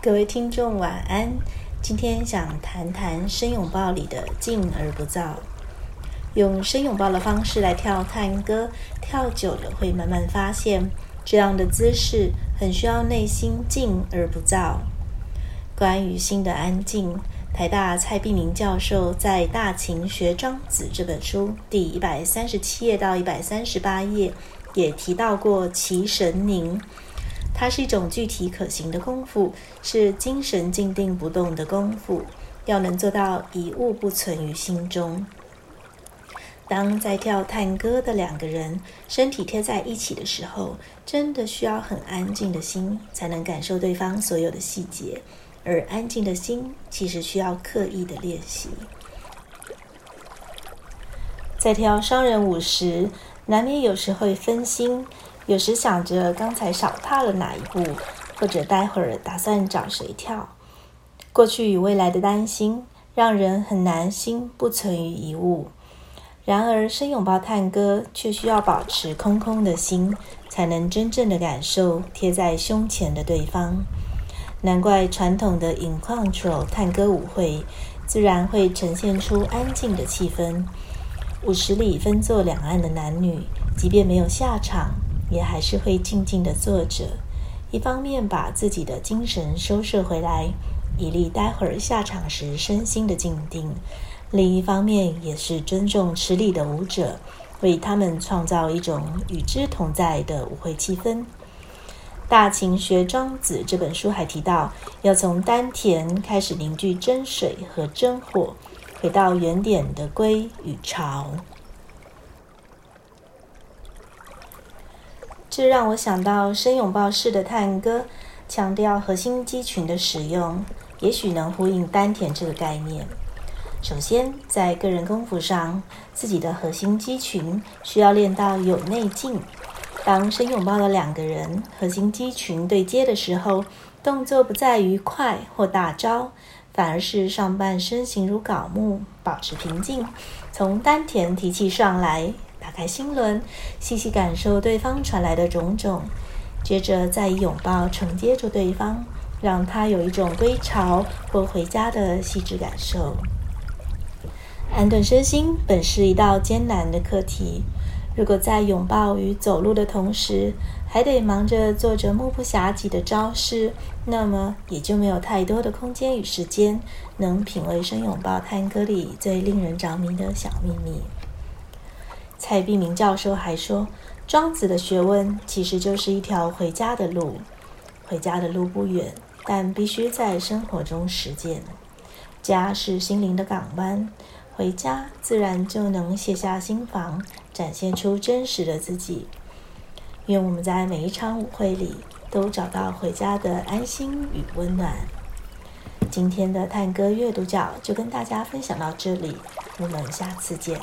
各位聽眾晚安，今天想談談深擁抱裡的靜而不躁，用深擁抱的方式來跳探戈，跳久了會慢慢發現，這樣的姿勢很需要內心靜而不躁。關於心的安靜，台大蔡碧明教授在《大秦學莊子》這本書第一百三十七頁到一百三十八頁也提到過其神凝它是一種具體可行的功夫，是精神靜定不動的功夫，要能做到一物不存於心中。當在跳探戈的兩個人身體貼在一起的時候，真的需要很安靜的心才能感受對方所有的細節，而安靜的心其實需要刻意的練習。在跳雙人舞時，難免有時候會分心。有時想着剛才少踏了哪一步，或者待會兒打算找誰跳，過去與未來的擔心，讓人很難心不存於一物。然而，深擁抱探戈卻需要保持空空的心，才能真正的感受貼在胸前的對方。難怪傳統的 In Control 探戈舞會自然會呈現出安靜的氣氛。舞池裡分坐兩岸的男女，即便沒有下場，也還是會靜靜地坐着，一方面把自己的精神收攝回來，以利待會兒下場時身心的靜定；另一方面，也是尊重池裡的舞者，為他們創造一種與之同在的舞會氣氛。大秦學莊子這本書還提到，要從丹田開始凝聚真水和真火，回到原點的歸與潮。這讓我想到深擁抱式的探戈，強調核心肌群的使用，也許能呼應丹田這個概念。首先，在個人功夫上，自己的核心肌群需要練到有內勁。當深擁抱的兩個人核心肌群對接的時候，動作不在於快或大招，反而是上半身形如槁木，保持平靜，從丹田提氣上來。打開心輪，細細感受對方傳來的種種，接着再以擁抱承接住對方，讓他有一種歸巢或回家的細致感受。安頓身心本是一道艱難的課題，如果在擁抱與走路的同時，還得忙着做着目不暇給的招式，那麼也就沒有太多的空間與時間，能品味深擁抱探戈裡最令人着迷的小秘密。蔡璧名教授還說：“莊子的學問其實就是一條回家的路，回家的路不遠，但必須在生活中實踐。家是心靈的港灣，回家自然就能卸下心防，展現出真實的自己。願我們在每一場舞會裡都找到回家的安心與溫暖。”今天的探戈閱讀角就跟大家分享到這裡，我們下次見。